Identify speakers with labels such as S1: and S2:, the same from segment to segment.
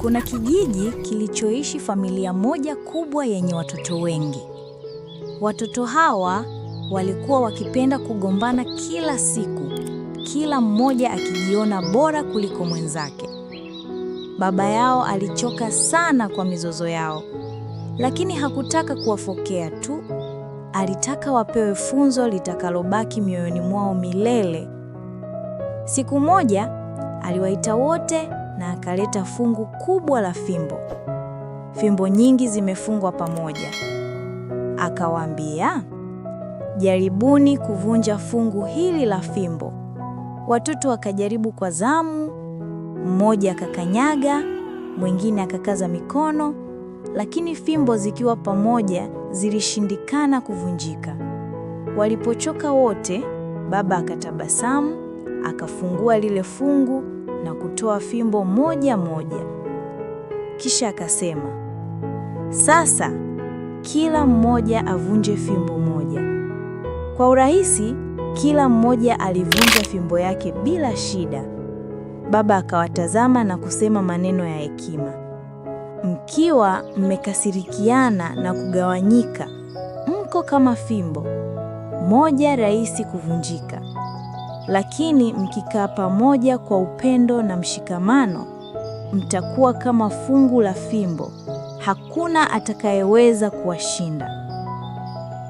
S1: Kuna kijiji kilichoishi familia moja kubwa yenye watoto wengi. Watoto hawa walikuwa wakipenda kugombana kila siku, kila mmoja akijiona bora kuliko mwenzake. Baba yao alichoka sana kwa mizozo yao, lakini hakutaka kuwafokea tu. Alitaka wapewe funzo litakalobaki mioyoni mwao milele. Siku moja Aliwaita wote na akaleta fungu kubwa la fimbo. Fimbo nyingi zimefungwa pamoja. Akawaambia, "Jaribuni kuvunja fungu hili la fimbo." Watoto wakajaribu kwa zamu, mmoja akakanyaga, mwingine akakaza mikono, lakini fimbo zikiwa pamoja zilishindikana kuvunjika. Walipochoka wote, baba akatabasamu akafungua lile fungu na kutoa fimbo moja moja. Kisha akasema, sasa kila mmoja avunje fimbo moja. Kwa urahisi, kila mmoja alivunja fimbo yake bila shida. Baba akawatazama na kusema maneno ya hekima, mkiwa mmekasirikiana na kugawanyika, mko kama fimbo moja rahisi kuvunjika lakini mkikaa pamoja kwa upendo na mshikamano, mtakuwa kama fungu la fimbo, hakuna atakayeweza kuwashinda.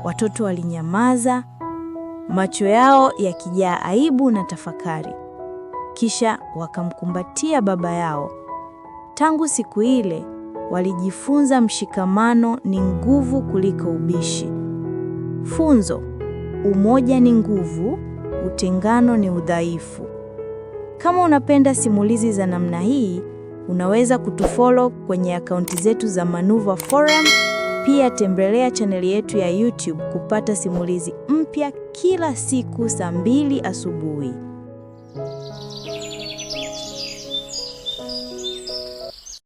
S1: Watoto walinyamaza, macho yao yakijaa aibu na tafakari. Kisha wakamkumbatia baba yao. Tangu siku ile walijifunza mshikamano ni nguvu kuliko ubishi. Funzo: umoja ni nguvu. Utengano ni udhaifu. Kama unapenda simulizi za namna hii, unaweza kutufollow kwenye akaunti zetu za Manuva Forum. Pia tembelea chaneli yetu ya YouTube kupata simulizi mpya kila siku saa mbili asubuhi.